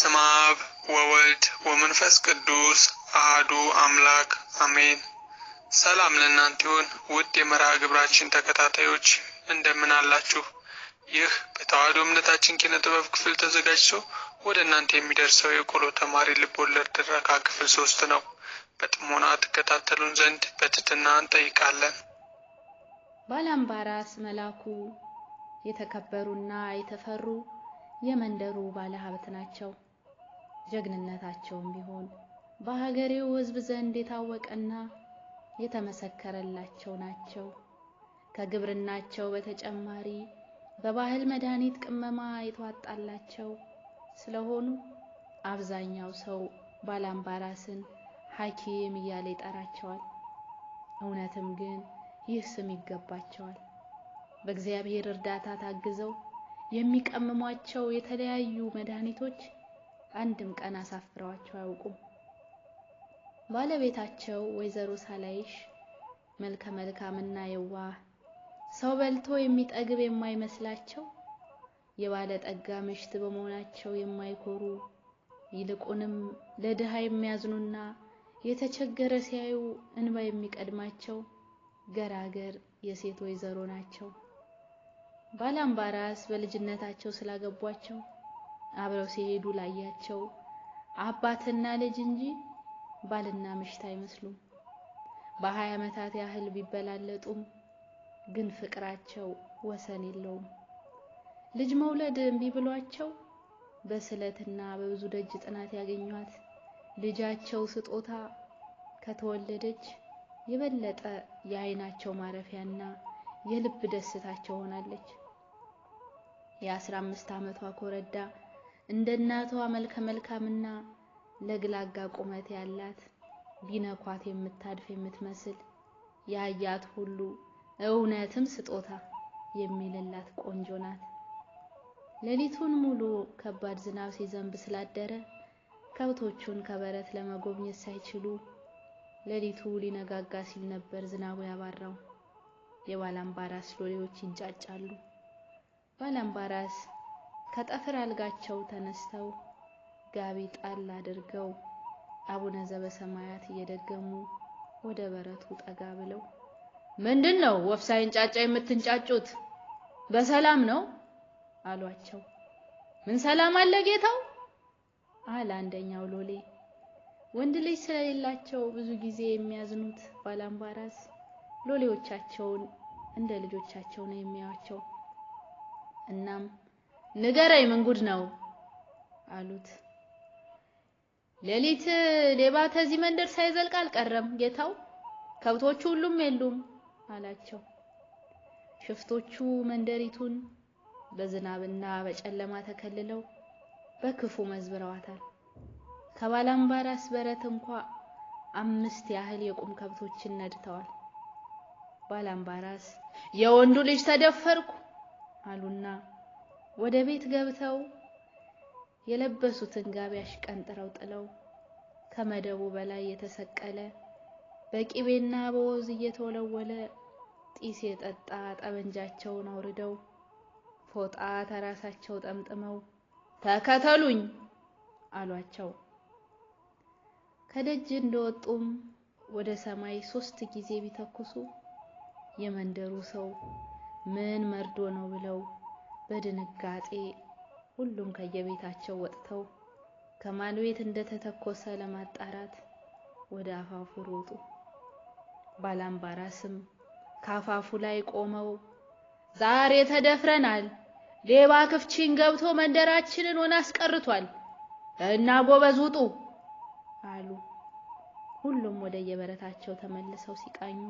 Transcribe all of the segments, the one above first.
በስመ አብ ወወልድ ወመንፈስ ቅዱስ አህዱ አምላክ አሜን። ሰላም ለእናንተ ይሁን። ውድ የመርሃ ግብራችን ተከታታዮች እንደምን አላችሁ? ይህ በተዋሕዶ እምነታችን ኪነ ጥበብ ክፍል ተዘጋጅቶ ወደ እናንተ የሚደርሰው የቆሎ ተማሪ ልቦለድ ድረካ ክፍል ሶስት ነው። በጥሞና ትከታተሉን ዘንድ በትህትና እንጠይቃለን። ባላምባራስ መላኩ የተከበሩና የተፈሩ የመንደሩ ባለሀብት ናቸው። ጀግንነታቸውም ቢሆን በሀገሬው ሕዝብ ዘንድ የታወቀና የተመሰከረላቸው ናቸው። ከግብርናቸው በተጨማሪ በባህል መድኃኒት ቅመማ የተዋጣላቸው ስለሆኑ አብዛኛው ሰው ባላምባራስን ሐኪም እያለ ይጠራቸዋል። እውነትም ግን ይህ ስም ይገባቸዋል። በእግዚአብሔር እርዳታ ታግዘው የሚቀምሟቸው የተለያዩ መድኃኒቶች አንድም ቀን አሳፍረዋቸው አያውቁም። ባለቤታቸው ወይዘሮ ሳላይሽ መልከ መልካምና የዋህ ሰው በልቶ የሚጠግብ የማይመስላቸው የባለጠጋ ምሽት በመሆናቸው የማይኮሩ ይልቁንም ለድሃ የሚያዝኑና የተቸገረ ሲያዩ እንባ የሚቀድማቸው ገራገር የሴት ወይዘሮ ናቸው። ባላምባራስ በልጅነታቸው ስላገቧቸው አብረው ሲሄዱ ላያቸው አባትና ልጅ እንጂ ባልና ምሽት አይመስሉም። በሀያ ዓመታት ያህል ቢበላለጡም ግን ፍቅራቸው ወሰን የለውም። ልጅ መውለድ እምቢ ብሏቸው በስለትና በብዙ ደጅ ጥናት ያገኟት ልጃቸው ስጦታ ከተወለደች የበለጠ የአይናቸው ማረፊያና የልብ ደስታቸው ሆናለች። የአስራ አምስት ዓመቷ ኮረዳ እንደ እናቷ መልከ መልካምና ለግላጋ ቁመት ያላት ቢነኳት የምታድፍ የምትመስል ያያት ሁሉ እውነትም ስጦታ የሚልላት ቆንጆ ናት። ሌሊቱን ሙሉ ከባድ ዝናብ ሲዘንብ ስላደረ ከብቶቹን ከበረት ለመጎብኘት ሳይችሉ ሌሊቱ ሊነጋጋ ሲል ነበር ዝናቡ ያባራው። የባላምባራስ ሎሌዎች ይንጫጫሉ። ባላምባራስ ከጠፍር አልጋቸው ተነስተው ጋቢ ጣል አድርገው አቡነ ዘበሰማያት እየደገሙ ወደ በረቱ ጠጋ ብለው ምንድን ነው ወፍ ሳይንጫጫ የምትንጫጩት? በሰላም ነው አሏቸው። ምን ሰላም አለ ጌታው አለ አንደኛው ሎሌ። ወንድ ልጅ ስለሌላቸው ብዙ ጊዜ የሚያዝኑት ባላምባራስ ሎሌዎቻቸውን እንደ ልጆቻቸው ነው የሚያዋቸው። እናም ንገረኝ ምን ጉድ ነው አሉት። ሌሊት ሌባ ከዚህ መንደር ሳይዘልቅ አልቀረም ጌታው፣ ከብቶቹ ሁሉም የሉም አላቸው። ሽፍቶቹ መንደሪቱን በዝናብና በጨለማ ተከልለው በክፉ መዝብረዋታል። ከባላምባራስ በረት እንኳ አምስት ያህል የቁም ከብቶችን ነድተዋል። ባላምባራስ የወንዱ ልጅ ተደፈርኩ አሉና ወደ ቤት ገብተው የለበሱትን ጋቢ አሽቀንጥረው ጥለው ከመደቡ በላይ የተሰቀለ በቂቤና በወዝ እየተወለወለ ጢስ የጠጣ ጠመንጃቸውን አውርደው ፎጣ ተራሳቸው ጠምጥመው ተከተሉኝ አሏቸው። ከደጅ እንደወጡም ወደ ሰማይ ሶስት ጊዜ ቢተኩሱ የመንደሩ ሰው ምን መርዶ ነው ብለው በድንጋጤ ሁሉም ከየቤታቸው ወጥተው ከማንቤት እንደተተኮሰ ለማጣራት ወደ አፋፉ ሮጡ። ባላምባራስም ከአፋፉ ላይ ቆመው ዛሬ ተደፍረናል፣ ሌባ ክፍቺን ገብቶ መንደራችንን ሆን አስቀርቷል እና ጎበዝ ውጡ አሉ። ሁሉም ወደ የበረታቸው ተመልሰው ሲቃኙ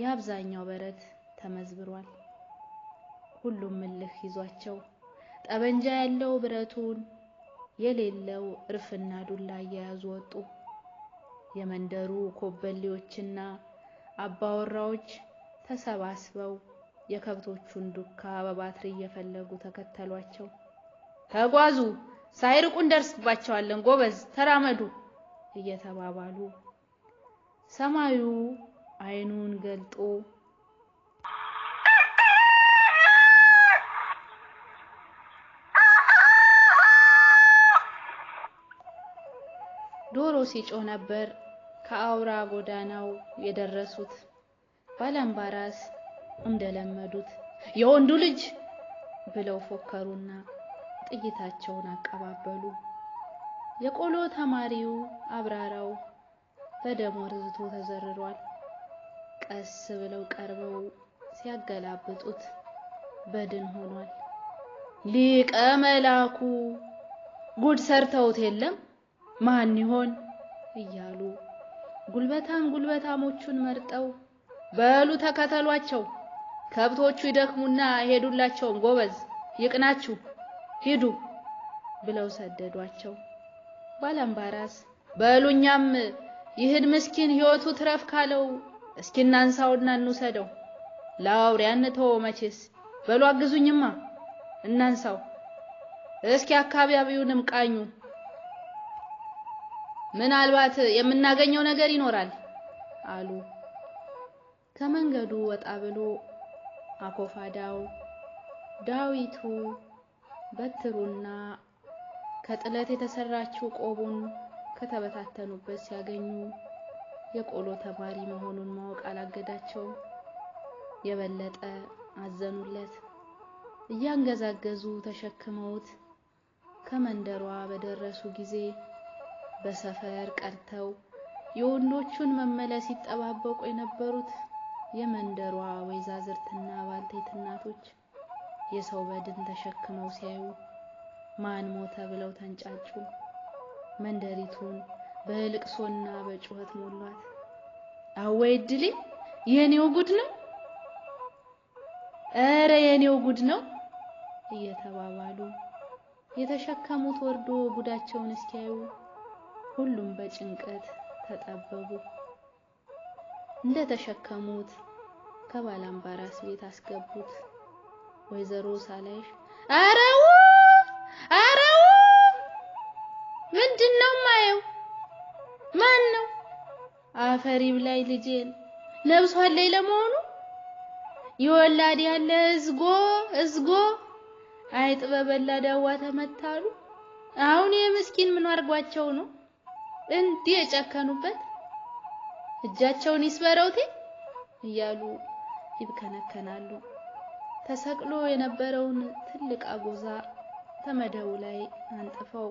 የአብዛኛው በረት ተመዝብሯል። ሁሉም እልህ ይዟቸው ጠበንጃ ያለው ብረቱን የሌለው እርፍና ዱላ እየያዙ ወጡ። የመንደሩ ኮበሌዎችና አባወራዎች ተሰባስበው የከብቶቹን ዱካ በባትሪ እየፈለጉ ተከተሏቸው። ተጓዙ፣ ሳይርቁ እንደርስባቸዋለን፣ ጎበዝ ተራመዱ እየተባባሉ ሰማዩ አይኑን ገልጦ ዶሮ ሲጮህ ነበር ከአውራ ጎዳናው የደረሱት። ባላምባራስ እንደለመዱት የወንዱ ልጅ ብለው ፎከሩና ጥይታቸውን አቀባበሉ። የቆሎ ተማሪው አብራራው በደም ወርዝቶ ተዘርሯል። ቀስ ብለው ቀርበው ሲያገላብጡት በድን ሆኗል። ሊቀ መላኩ ጉድ ሰርተውት የለም ማን ይሆን እያሉ ጉልበታም ጉልበታሞቹን መርጠው በሉ ተከተሏቸው፣ ከብቶቹ ይደክሙና ሄዱላቸውም፣ ጎበዝ ይቅናችሁ፣ ሂዱ ብለው ሰደዷቸው። ባላምባራስ በሉኛም ይህን ምስኪን ሕይወቱ ትረፍ ካለው እስኪ እናንሳውና እንውሰደው፣ ለአውሬ አንተወው መቼስ። በሉ አግዙኝማ እናንሳው፣ እስኪ አካባቢውንም ቃኙ ምናልባት የምናገኘው ነገር ይኖራል አሉ። ከመንገዱ ወጣ ብሎ አኮፋዳው፣ ዳዊቱ፣ በትሩና ከጥለት የተሰራችው ቆቡን ከተበታተኑበት ሲያገኙ የቆሎ ተማሪ መሆኑን ማወቅ አላገዳቸው የበለጠ አዘኑለት። እያንገዛገዙ ተሸክመውት ከመንደሯ በደረሱ ጊዜ በሰፈር ቀርተው የወንዶቹን መመለስ ሲጠባበቁ የነበሩት የመንደሯ ወይዛዝርትና ባልቴት እናቶች የሰው በድን ተሸክመው ሲያዩ ማን ሞተ ብለው ተንጫጩ። መንደሪቱን በልቅሶና በጩኸት ሞሏት። አወይ እድሌ የኔው ጉድ ነው፣ ኧረ የኔው ጉድ ነው እየተባባሉ የተሸከሙት ወርዶ ጉዳቸውን እስኪያዩ ሁሉም በጭንቀት ተጠበቡ። እንደ ተሸከሙት ከባላምባራስ ቤት አስገቡት። ወይዘሮ ሳላይሽ አረው አረው ምንድነው ማየው? ማን ነው አፈሪብ ላይ ልጄን ለብሷል ላይ ለመሆኑ ይወላድ ያለ እዝጎ እዝጎ አይጥ በበላ ተመታሉ። አሁን የምስኪን ምን አድርጓቸው ነው? እንዲህ የጨከኑበት እጃቸውን ይስበረውቴ እያሉ ይብከነከናሉ። ተሰቅሎ የነበረውን ትልቅ አጎዛ ተመደቡ ላይ አንጥፈው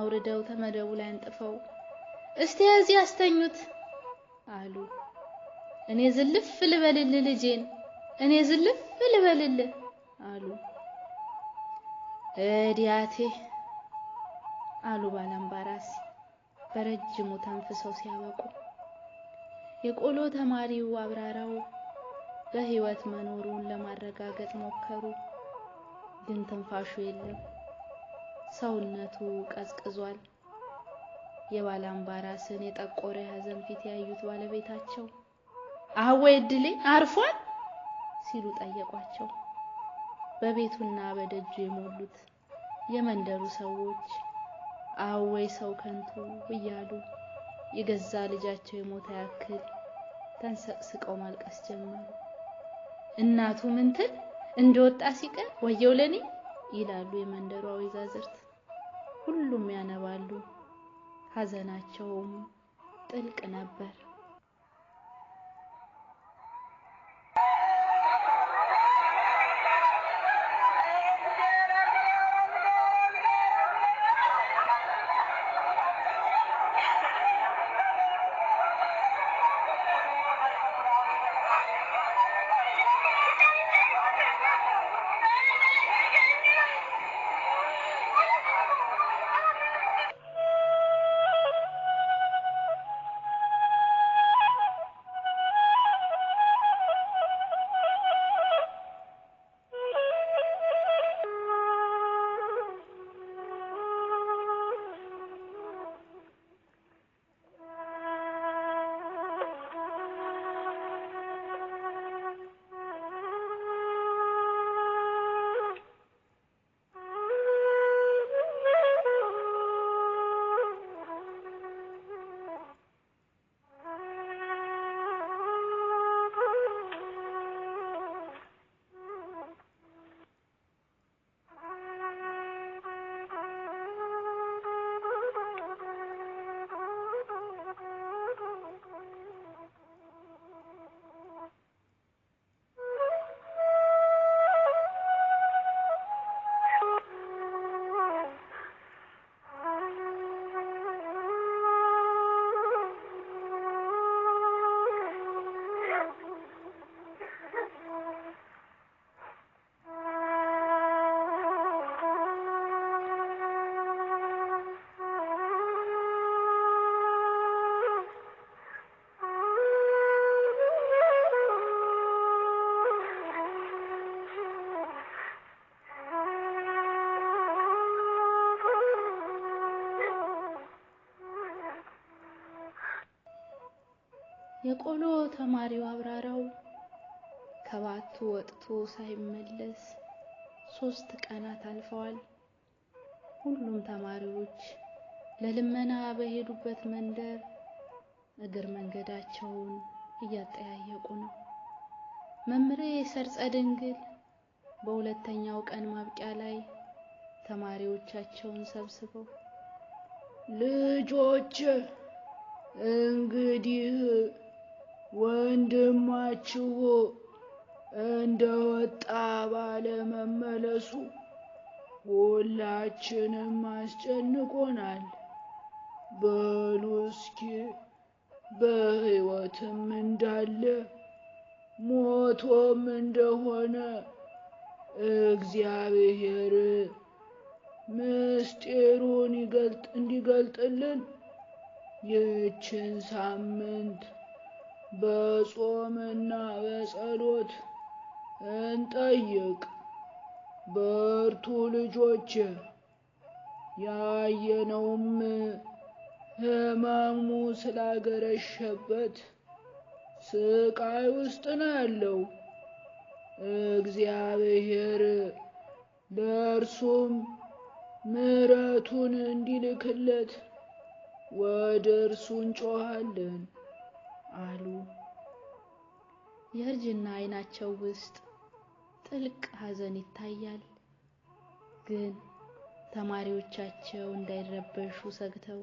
አውርደው ተመደቡ ላይ አንጥፈው እስቲ እዚህ ያስተኙት አሉ። እኔ ዝልፍ ልበልል ልጄን እኔ ዝልፍ ልበልል አሉ። እዲያቴ አሉ ባላምባራስ በረጅሙ ተንፍሰው ሲያበቁ የቆሎ ተማሪው አብራራው በሕይወት መኖሩን ለማረጋገጥ ሞከሩ፣ ግን ትንፋሹ የለም። ሰውነቱ ቀዝቅዟል። የባላምባራስን የጠቆረ የሐዘን ፊት ያዩት ባለቤታቸው አወይ እድሌ አርፏል ሲሉ ጠየቋቸው። በቤቱና በደጁ የሞሉት የመንደሩ ሰዎች አወይ ሰው ከንቱ እያሉ የገዛ ልጃቸው የሞተ ያክል ተንሰቅስቀው ማልቀስ ጀመሩ። እናቱ ምንትል እንደወጣ ሲቀር ወየው ለኔ ይላሉ የመንደሯ ወይዛዝርት። ሁሉም ያነባሉ፣ ሀዘናቸውም ጥልቅ ነበር። የቆሎ ተማሪው አብራራው ከባቱ ወጥቶ ሳይመለስ ሶስት ቀናት አልፈዋል። ሁሉም ተማሪዎች ለልመና በሄዱበት መንደር እግር መንገዳቸውን እያጠያየቁ ነው። መምሬ ሰርጸ ድንግል በሁለተኛው ቀን ማብቂያ ላይ ተማሪዎቻቸውን ሰብስበው ልጆች እንግዲህ ወንድማችሁ እንደወጣ ባለመመለሱ ሁላችንም አስጨንቆናል። በሉ እስኪ በሕይወትም እንዳለ ሞቶም እንደሆነ እግዚአብሔር ምስጢሩን እንዲገልጥልን ይህችን ሳምንት በጾምና በጸሎት እንጠይቅ። በርቱ ልጆች፣ ያየነውም ሕማሙ ስላገረሸበት ስቃይ ውስጥ ነው ያለው። እግዚአብሔር ለእርሱም ምሕረቱን እንዲልክለት ወደ እርሱ እንጮኻለን። አሉ። የእርጅና አይናቸው ውስጥ ጥልቅ ሐዘን ይታያል። ግን ተማሪዎቻቸው እንዳይረበሹ ሰግተው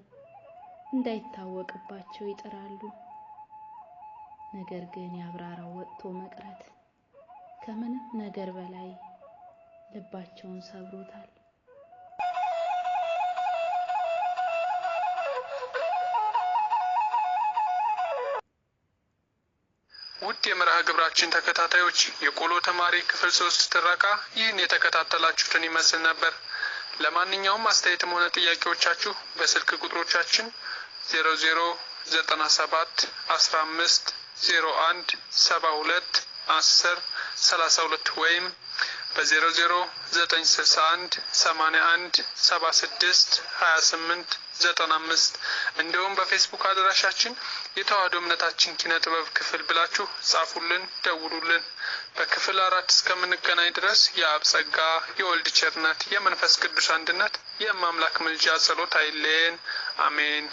እንዳይታወቅባቸው ይጥራሉ። ነገር ግን ያብራራው ወጥቶ መቅረት ከምንም ነገር በላይ ልባቸውን ሰብሮታል። ሁለት የመርሃ ግብራችን ተከታታዮች የቆሎ ተማሪ ክፍል ሶስት ትረካ ይህን የተከታተላችሁትን ይመስል ነበር። ለማንኛውም አስተያየትም ሆነ ጥያቄዎቻችሁ በስልክ ቁጥሮቻችን ዜሮ ዜሮ ዘጠና ሰባት አስራ አምስት ዜሮ አንድ ሰባ ሁለት አስር ሰላሳ ሁለት ወይም በ00961 81 76 28 95 እንዲሁም በፌስቡክ አድራሻችን የተዋህዶ እምነታችን ኪነ ጥበብ ክፍል ብላችሁ ጻፉልን፣ ደውሉልን። በክፍል አራት እስከምንገናኝ ድረስ የአብ ጸጋ የወልድ ቸርነት የመንፈስ ቅዱስ አንድነት የማምላክ ምልጃ ጸሎት አይለየን። አሜን።